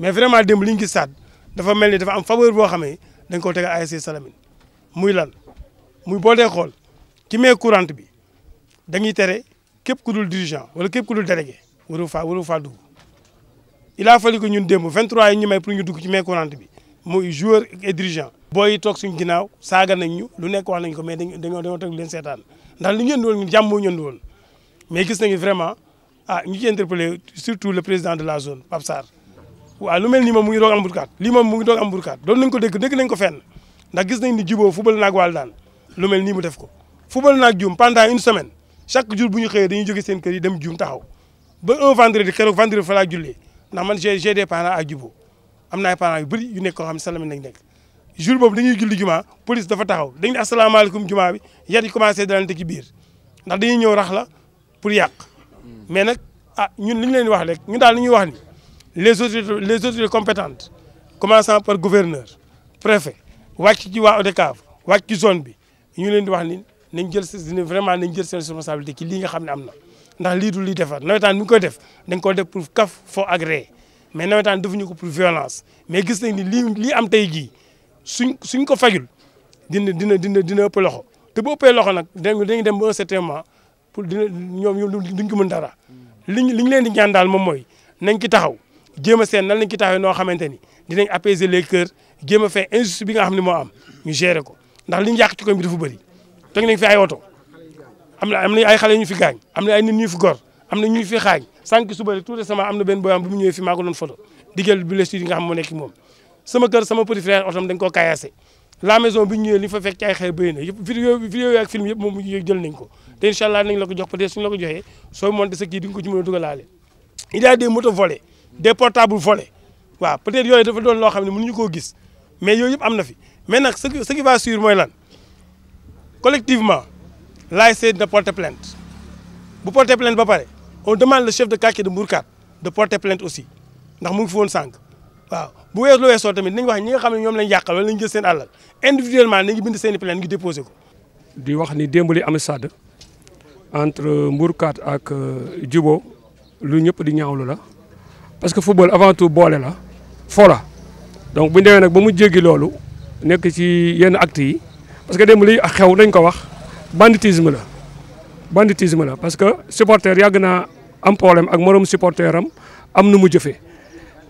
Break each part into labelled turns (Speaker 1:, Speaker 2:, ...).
Speaker 1: mais vraiment démb li ñu gis stade dafa mel ni dafa am faveur boo xamee dañ koo tegal ASC Salamine muy lan muy boo dee xool ci mais courante bi dañuy tere képp ku dul dirigeant wala képp ku dul délégué waru faa waru faa dugg il a fallu que ñun démb 23 yi ñu may pour ñu dugg ci main courante bi muy joueur et dirigeant. booy toog suñ ginnaaw saaga nañ ñu lu nekk wax nañ ko mais dañoo dañoo dañoo teg leen seetaan ndax li ñu yëndu woon jàmm moo ñu yëndu mais gis nañu vraiment ah ñu ci interpellé surtout le président de la zone Pape waaw mel nii moom mu ngi doog am burkaat lii moom mu ngi doog am burkaat doon nañ ko dégg dégg nañ ko fenn ndax gis nañ ni juboo fubal naag wàll daan lu mel nii mu def ko fubal naag juum pendant une semaine chaque jour bu ñu xëyee dañuy jóge seen kër yi dem juum taxaw ba un vendredi keroog vendredi fa laa jullee ndax man j'ai j'ai des am na ay parents yu bëri yu nekk koo xam nekk jour boobu dañuy julli juma police dafa taxaw dañ ne asalaamaaleykum juma bi yar yi commencé dalante ci biir ndax dañuy ñëw rax la pour yàq hmm. mais nag ah ñun li ñu leen wax rek ñun daal li ñuy wax ni les autorités les autorités compétentes commençant par gouverneur préfet wàcc ci waa ODCAV wàcc ci zone bi ñu leen di wax ni nañ jël seen vraiment nañ jël seen responsabilité ki lii nga xam ne am na. ndax lii du lii defar nawetaan mi ngi koy def dañ ko def pour kaf fo ak ree mais nawetaan defuñu ko pour violence mais gis nañ ni lii lii am tey jii suñ suñ ko fajul dina dina dina dina ëpp loxo te bu ëppee loxo nag dañu dem ba un certain moment pour dina ñoom duñ ko mën dara. liñ liñ leen di ñaan daal moom mooy nañ ci taxaw. jéem a seen nan lañ ci taxawee noo xamante ni dinañ apaiser les cœurs jéem a fee injustice bi nga xam ne moo am ñu gérer ko ndax li ñu yàq ci koñ bi dafa bëri teg nañ fi ay oto am na am na ay xale ñu fi gaañ am na ay nit ñu fi gor am na ñu fi xaañ sànq suba rek tout récemment am na benn booyam bu mu ñëwee fi maa ko doon photo digal bi les nga xam moo nekk moom sama kër sama petit frère otom dañ koo kaayaase la maison bi ñu ñëwee li fa fekk ci ay xeer bëri na yëpp vidéo vidéo yi ak la ko jox peut-être suñu la ko joxee soo monté sa kii di des portable volés waaw peut-être yooyu dafa doon loo xam ne mënuñu koo gis mais yooyu yëpp am na fi mais nag ce qui ce qui va suivre mooy lan collectivement l'ASC dina porter plainte bu porter plainte ba pare on demande le chef de quartier de Mbour 4 de porter plainte aussi ndax mu ngi fi woon sànq waaw bu weesu lu weesoo tamit nañ wax ñi nga xam ne ñoom lañ yàqal wala lañ jël seen àllal individuellement nañ bind seen i plainte ngi déposé ko. di wax ni démb li am stade
Speaker 2: entre Mbour 4 ak euh, jibo lu ñëpp di ñaawlu la. parce que football avant tout boole la fo la donc bu ñu demee nag ba mu jéggi loolu nekk ci yenn actes yi parce que démb li xew nañ ko wax banditisme la banditisme la parce que supporter yàgg naa am problème ak moroom supporter am nu mu jëfee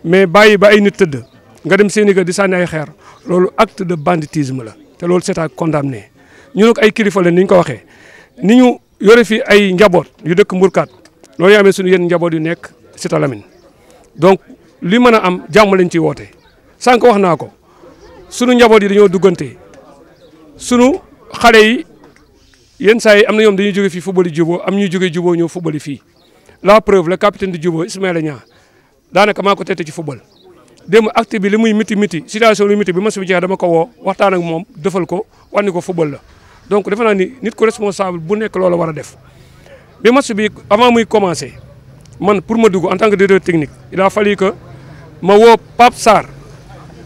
Speaker 2: mais bàyyi ba ay nit tëdd nga dem seeni kër di sànni ay xeer loolu acte de banditisme la te loolu c'est ak condamner ñu nag ay kilifa la ni ñu ko waxee ni ñu yore fi ay njaboot yu dëkk mburkaat loolu yaa amee suñu yenn njaboot yu nekk Cité donc li mën a am jàmm lañ ciy woote sànq wax naa ko sunu njaboot yi dañoo duggante sunu xale yi yenn saa yi am na ñoom dañuy jóge fii football yi jubóo am ñuy jóge jubóo ñëw football fii la preuve le capitaine du jubóo Ismaïla Niang daanaka maa ko tette ci football. démb acte bi li muy miti miti situation lu miti bi match bi jeex dama ko woo waxtaan moom defal ko wàññi ko football la donc defe naa ni nit ku responsable bu nekk loola war a def bi match bi avant muy commencé. man pour ma dugg en tant que directeur technique i a fallu que ma woo Pape Sarr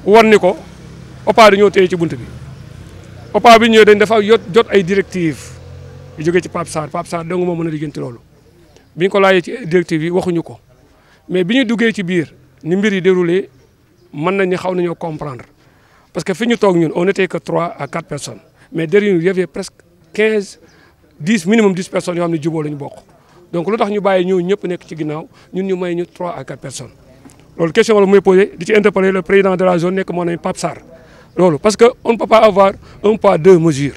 Speaker 2: war ni ko OPA dañoo téye ci bunt bi OPA bi ñëwee dañ dafa yot jot ay directives yu jógee ci Pape Sarr pap Sarr dong moo mën a liggéeyanti loolu bi ñu ko laajee ci directives yi waxuñu ko mais bi ñu duggee ci biir ni mbir yi déroulé mën nañu xaw nañoo comprendre parce que fi ñu toog ñun on était que trois à quatre personnes mais derrière nous il presque quinze dix minimum dix personnes yoo la ñu bokk. donc lu tax ñu bàyyi ñoo ñëpp nekk ci ginnaaw ñun ñu may ñu trois à quatre personnes loolu question la muy posé di ci interpeller le président de la zone nekk moo nañ Pape Sarr loolu parce que on ne peut pas avoir un poids deux mesures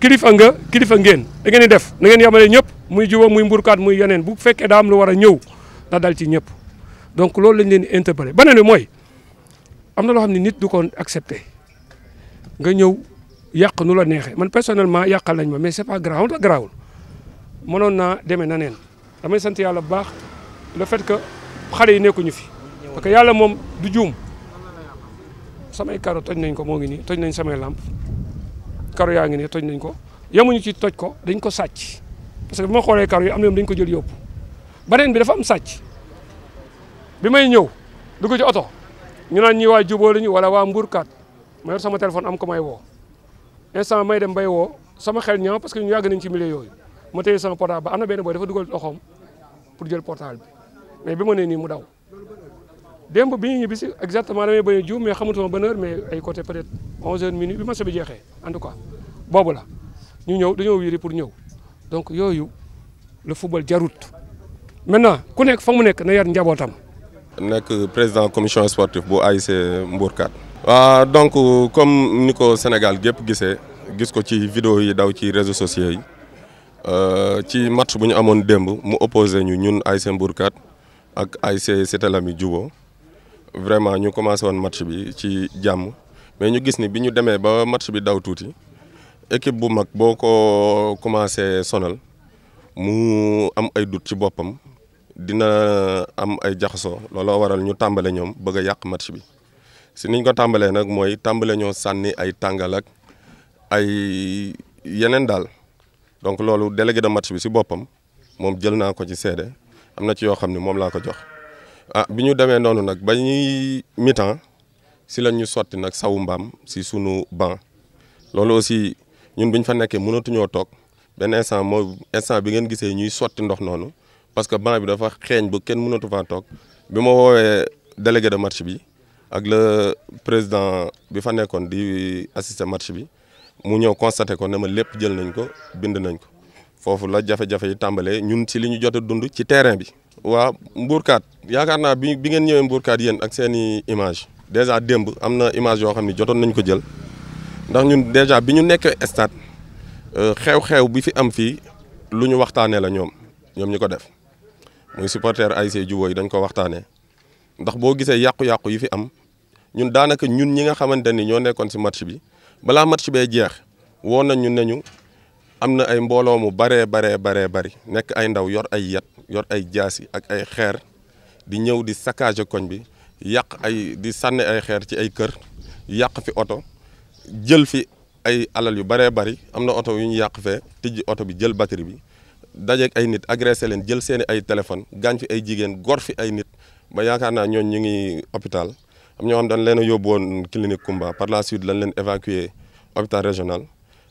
Speaker 2: kilifa nga kilifa ngeen da ngeen def da ngeen yemale ñëpp muy jiwa muy mburkaat muy yeneen bu fekkee daa lu war a ñëw na dal ci ñëpp donc loolu lañ leen di interpeller beneen bi mooy am na loo xam ne nit du ko accepté nga ñëw yàq nu la neexee man personnellement yàqal nañ ma mais c'est pas grave la garaawul mënoon naa demee na neen damay sant yàlla bu baax le fait que xale yi nekkuñu fi parce que yàlla moom du juum samay karo toj nañ ko moo ngi nii toj nañ samay làmp karo yaa ngi nii toj nañ ko yemuñu ci toj ko dañ ko sàcc parce que bi ma xoolee karo yi am na dañ ko jël yóbbu beneen bi dafa am sàcc bi may ñëw dugg ci oto ñu naan ñi waa jubóo lañu wala waa mbuurkaat ma yor sama téléphone am ko may woo instant may dem bay woo sama xel ñaaw parce que yàgg nañ ci milieu yooyu ma téye sama portable ba am na benn boy dafa dugal loxoom pour jël portable mais bi ma nee nii mu daw démb bi ñibbi si exactement damay bañ a jiw mais xamutuma ban mais ay côté peut être 11h bi marché bi jeexee en tout boobu la ñu ñëw dañoo wiiri pour ñëw donc yooyu le football jarut maintenant ku nekk fa mu nekk na yar njabootam.
Speaker 3: nekk président commission sportive bu AIC Mbourkat. waaw ah, donc comme ni ko Sénégal gépp gisee gis ko ci vidéo yi daw ci réseau sociaux yi. Euh, ci match bu ñu amoon démb mu opposé ñu ñun ASC Mbour ak ak ASC Setalami Jubo vraiment ñu commencé woon match bi ci jàmm mais ñu gis ni bi ñu demee ba match bi daw tuuti équipe bu mag boo ko commencé sonal mu am ay doute ci boppam dina am ay jaxasoo looloo waral ñu tàmbale ñoom bëgg a yàq match bi si niñ ko tàmbalee nag mooy tàmbale ñoo sànni ay tàngal ak ay yeneen daal donc loolu délégué de match bi si boppam moom jël naa ko ci seede am na ci yoo xam ni moom laa ko jox ah bi ñu demee noonu nag ba ñuy mi si lañ ñu sotti nag saw mbaam si sunu ban loolu aussi ñun bu ñu fa nekkee mënatuñoo toog benn instant moo instant bi ngeen gisee ñuy sotti ndox noonu parce que banc bi dafa xeeñ ba kenn mënatu faa toog bi ma woowee délégué de match bi ak la président bi fa nekkoon di assister match bi mu ñëw constaté ko ne ma lépp jël nañ ko bind nañ ko foofu la jafe-jafe yi tàmbalee ñun si li ñu jot a dund ci terrain bi. waaw Mbourkat yaakaar naa bi bi ngeen ñëwee Mbourkat yéen ak seeni i image dèjà démb am na image yoo xam ne jotoon nañ ko jël ndax ñun dèjà bi ñu nekkee stade euh, xew-xew bi fi am fii lu ñu waxtaanee la ñoom ñoom ñu ko def muy supporter ASC Jubo yi dañ ko waxtaanee ndax boo gisee yàqu-yàqu yi fi am ñun daanaka ñun ñi nga xamante ni ñoo nekkoon ci match bi. balaa mat match bee jeex woo nañu ne ñu am na ay mbooloo mu baree baree baree bari nekk ay ndaw yor ay yat yor ay jaasi ak ay xeer di ñëw di saccage koñ bi yàq ay di sànni ay xeer ci ay kër yàq fi oto jël fi ay alal yu baree bari am na oto yu ñu yàq fee tijji oto bi jël batterie bi dajeeg ay nit agressé leen jël seeni ay téléphone gaañ fi ay jigéen gor fi ay nit ba yaakaar naa ñooñ ñu ngi hôpital am ñoo xam dañ leen a yóbbu woon clinique Koumba par la suite lañ leen évacuer hôpital régional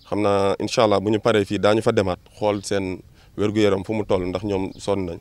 Speaker 3: xam naa incha allah bu ñu paree fii daañu fa demaat xool seen wér-gu-yaram fu mu toll ndax ñoom son nañ